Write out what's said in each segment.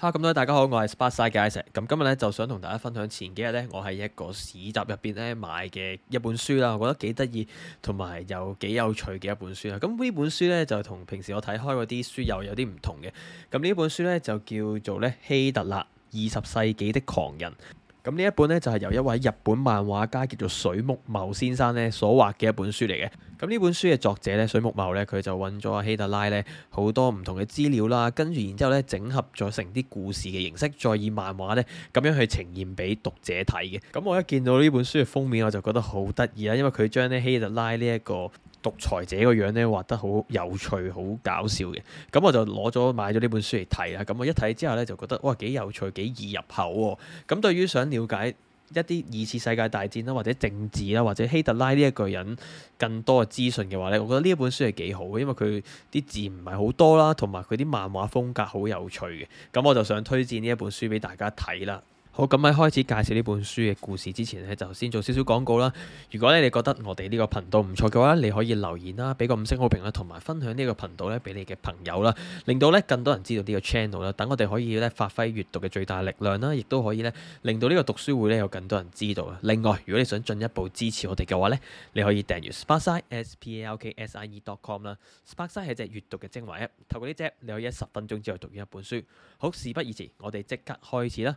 哈，咁咧大家好，我係 Sparkside Isaac，咁今日咧就想同大家分享前幾日咧我喺一個市集入邊咧買嘅一本書啦，我覺得幾得意同埋又幾有趣嘅一本書啊，咁呢本書咧就同平時我睇開嗰啲書又有啲唔同嘅，咁呢本書咧就叫做咧希特勒二十世紀的狂人。咁呢一本呢，就係由一位日本漫畫家叫做水木茂先生呢所畫嘅一本書嚟嘅。咁呢本書嘅作者呢，水木茂呢，佢就搵咗阿希特拉呢好多唔同嘅資料啦，跟住然之後呢整合咗成啲故事嘅形式，再以漫畫呢咁樣去呈現俾讀者睇嘅。咁我一見到呢本書嘅封面我就覺得好得意啦，因為佢將呢希特拉呢、這、一個獨裁者個樣咧畫得好有趣、好搞笑嘅，咁我就攞咗買咗呢本書嚟睇啦。咁我一睇之後咧就覺得哇幾有趣、幾易入口喎、哦。咁對於想了解一啲二次世界大戰啦、或者政治啦、或者希特拉呢一個人更多嘅資訊嘅話咧，我覺得呢一本書係幾好嘅，因為佢啲字唔係好多啦，同埋佢啲漫畫風格好有趣嘅。咁我就想推薦呢一本書俾大家睇啦。好，咁喺開始介紹呢本書嘅故事之前咧，就先做少少廣告啦。如果咧你覺得我哋呢個頻道唔錯嘅話，你可以留言啦，俾個五星好評啦，同埋分享呢個頻道咧俾你嘅朋友啦，令到咧更多人知道呢個 channel 啦。等我哋可以咧發揮閱讀嘅最大力量啦，亦都可以咧令到呢個讀書會咧有更多人知道啦。另外，如果你想進一步支持我哋嘅話咧，你可以訂閱 s p a r k s i d s p l k s i e dot com 啦。Sparkside 係隻閱讀嘅精華 App，透過呢隻你可以喺十分鐘之後讀完一本書。好，事不宜遲，我哋即刻開始啦！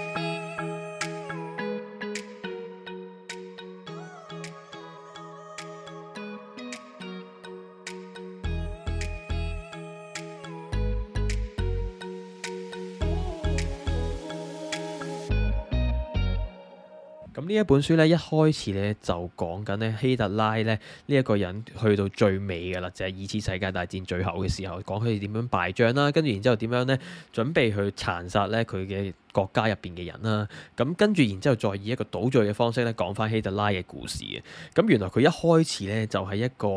呢一本書咧，一開始咧就講緊咧希特拉咧呢一個人去到最尾嘅啦，就係二次世界大戰最後嘅時候，講佢哋點樣敗仗啦，跟住然之後點樣咧準備去殘殺咧佢嘅國家入邊嘅人啦，咁跟住然之後再以一個倒敍嘅方式咧講翻希特拉嘅故事嘅，咁原來佢一開始咧就係一個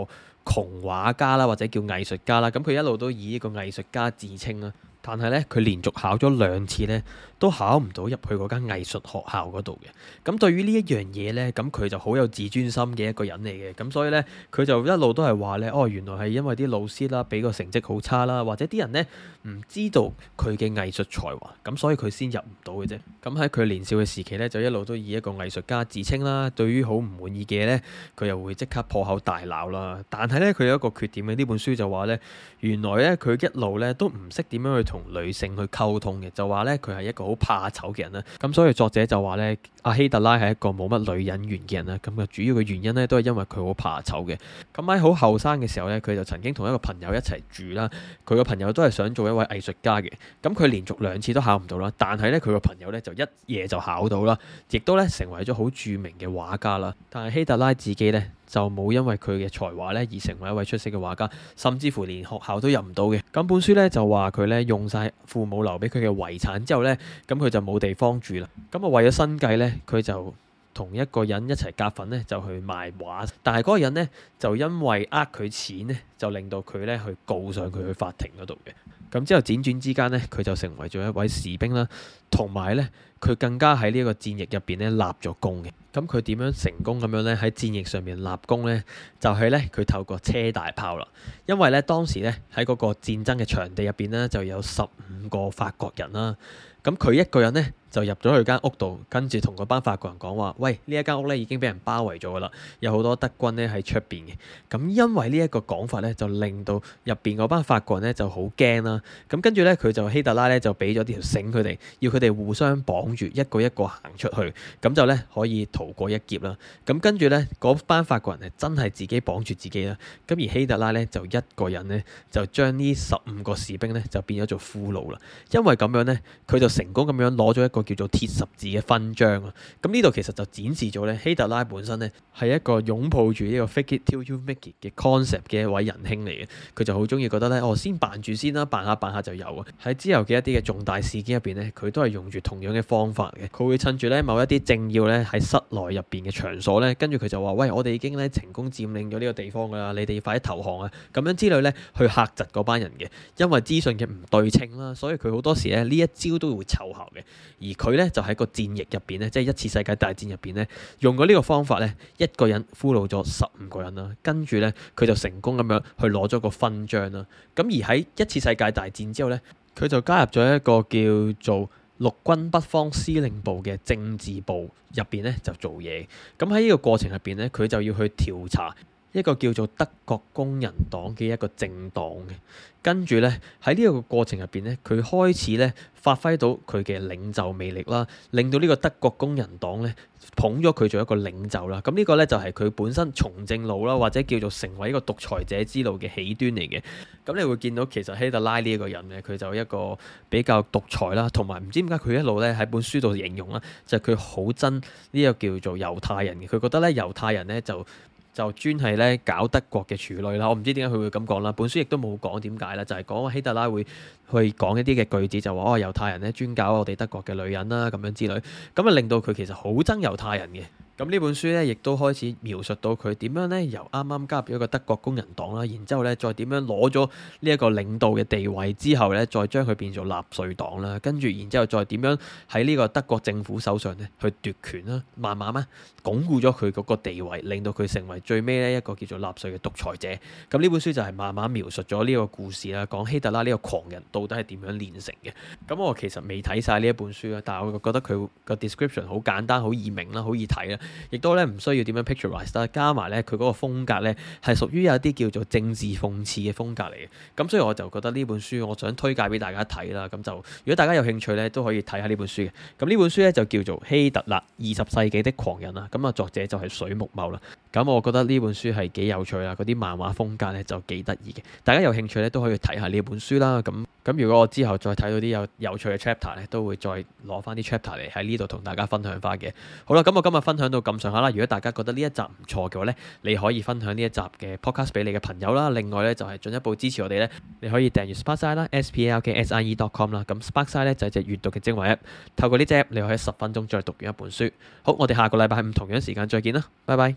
窮畫家啦，或者叫藝術家啦，咁佢一路都以一個藝術家自稱啦。但係咧，佢連續考咗兩次咧，都考唔到入去嗰間藝術學校嗰度嘅。咁對於呢一樣嘢咧，咁佢就好有自尊心嘅一個人嚟嘅。咁所以咧，佢就一路都係話咧：「哦，原來係因為啲老師啦，俾個成績好差啦，或者啲人咧唔知道佢嘅藝術才華，咁所以佢先入唔到嘅啫。咁喺佢年少嘅時期咧，就一路都以一個藝術家自稱啦。對於好唔滿意嘅嘢咧，佢又會即刻破口大鬧啦。但係咧，佢有一個缺點嘅，呢本書就話咧，原來咧佢一路咧都唔識點樣去。同女性去溝通嘅就話呢，佢係一個好怕醜嘅人啦。咁所以作者就話呢，阿希特拉係一個冇乜女人緣嘅人啦。咁嘅主要嘅原因呢，都係因為佢好怕醜嘅。咁喺好後生嘅時候呢，佢就曾經同一個朋友一齊住啦。佢個朋友都係想做一位藝術家嘅。咁佢連續兩次都考唔到啦，但係呢，佢個朋友呢，就一夜就考到啦，亦都呢成為咗好著名嘅畫家啦。但係希特拉自己呢，就冇因為佢嘅才華呢，而成為一位出色嘅畫家，甚至乎連學校都入唔到嘅。咁本書呢，就話佢呢用晒父母留俾佢嘅遺產之後呢，咁佢就冇地方住啦。咁啊為咗生計呢，佢就同一個人一齊夾份呢，就去賣畫。但係嗰個人呢，就因為呃佢錢呢，就令到佢呢去告上佢去法庭嗰度嘅。咁之後輾轉之間呢，佢就成為咗一位士兵啦，同埋呢，佢更加喺呢個戰役入邊呢，立咗功嘅。咁佢點樣成功咁樣呢？喺戰役上面立功呢，就係呢，佢透過車大炮啦。因為呢，當時呢喺嗰個戰爭嘅場地入邊呢，就有十五個法國人啦，咁佢一個人呢，就入咗去間屋度，跟住同嗰班法國人講話，喂，呢一間屋咧已經俾人包圍咗噶啦，有好多德軍咧喺出邊嘅。咁因為呢一個講法咧，就令到入邊嗰班法國人咧就好驚啦。咁跟住咧，佢就希特拉咧就俾咗一條繩佢哋，要佢哋互相綁住一個一個行出去，咁就咧可以逃過一劫啦。咁跟住咧，嗰班法國人係真係自己綁住自己啦。咁而希特拉咧就一個人咧就將呢十五個士兵咧就變咗做俘虜啦。因為咁樣咧，佢就成功咁樣攞咗一個叫做鐵十字嘅勛章啊！咁呢度其實就展示咗咧希特拉本身咧係一個擁抱住呢、這個 “fake it till you make it” 嘅 concept 嘅一位仁兄嚟嘅，佢就好中意覺得咧，「哦，先扮住先啦，扮下扮下就有啊。」喺之後嘅一啲嘅重大事件入邊咧，佢都係用住同樣嘅方法嘅，佢會趁住咧某一啲政要咧喺室內入邊嘅場所咧，跟住佢就話：喂，我哋已經咧成功佔領咗呢個地方㗎啦，你哋要快啲投降啊！咁樣之類咧去嚇窒嗰班人嘅。因為資訊嘅唔對稱啦，所以佢好多時咧呢一招都會湊效嘅，而佢咧就喺個戰役入邊咧，即係一次世界大戰入邊咧，用過呢個方法咧，一個人俘虜咗十五個人啦，跟住咧佢就成功咁樣去攞咗個勳章啦。咁而喺一次世界大戰之後咧，佢就加入咗一個叫做陸軍北方司令部嘅政治部入邊咧，就做嘢。咁喺呢個過程入邊咧，佢就要去調查。一個叫做德國工人黨嘅一個政黨嘅，跟住呢喺呢個過程入邊呢，佢開始咧發揮到佢嘅領袖魅力啦，令到呢個德國工人黨咧捧咗佢做一個領袖啦。咁呢個呢，就係佢本身從政路啦，或者叫做成為一個獨裁者之路嘅起端嚟嘅。咁你會見到其實希特拉呢一個人呢，佢就一個比較獨裁啦，同埋唔知點解佢一路呢喺本書度形容啦，就係佢好憎呢個叫做猶太人嘅，佢覺得呢猶太人呢就。就專係咧搞德國嘅處女啦，我唔知點解佢會咁講啦。本書亦都冇講點解啦，就係講希特拉會去講一啲嘅句子，就話哦猶太人咧專搞我哋德國嘅女人啦咁樣之類，咁啊令到佢其實好憎猶太人嘅。咁呢本書咧，亦都開始描述到佢點樣咧，由啱啱加入一個德國工人黨啦，然之後咧，再點樣攞咗呢一個領導嘅地位之後咧，再將佢變做納粹黨啦，跟住然之後再點樣喺呢個德國政府手上咧去奪權啦，慢慢啊，鞏固咗佢嗰個地位，令到佢成為最尾咧一個叫做納粹嘅獨裁者。咁呢本書就係慢慢描述咗呢個故事啦，講希特拉呢個狂人到底係點樣煉成嘅。咁我其實未睇晒呢一本書啦，但係我覺得佢個 description 好簡單，好易明啦，好易睇啦。亦都咧唔需要點樣 pictureize 啦，加埋咧佢嗰個風格咧係屬於有啲叫做政治諷刺嘅風格嚟嘅，咁所以我就覺得呢本書我想推介俾大家睇啦，咁就如果大家有興趣咧都可以睇下呢本書嘅，咁呢本書咧就叫做希特勒二十世紀的狂人啦，咁啊作者就係水木茂啦。咁、嗯、我覺得呢本書係幾有趣啦。嗰啲漫畫風格咧就幾得意嘅。大家有興趣咧都可以睇下呢本書啦。咁咁如果我之後再睇到啲有有趣嘅 chapter 咧，都會再攞翻啲 chapter 嚟喺呢度同大家分享翻嘅。好啦，咁、嗯、我今日分享到咁上下啦。如果大家覺得呢一集唔錯嘅話咧，你可以分享呢一集嘅 podcast 俾你嘅朋友啦。另外咧就係、是、進一步支持我哋咧，你可以訂閱 Sparkside 啦，s p l k s i e dot com 啦。咁 Sparkside 咧就係隻閱讀嘅精華 app，透過呢隻 app 你可以十分鐘再讀完一本書。好，我哋下個禮拜喺同樣時間再見啦。拜拜。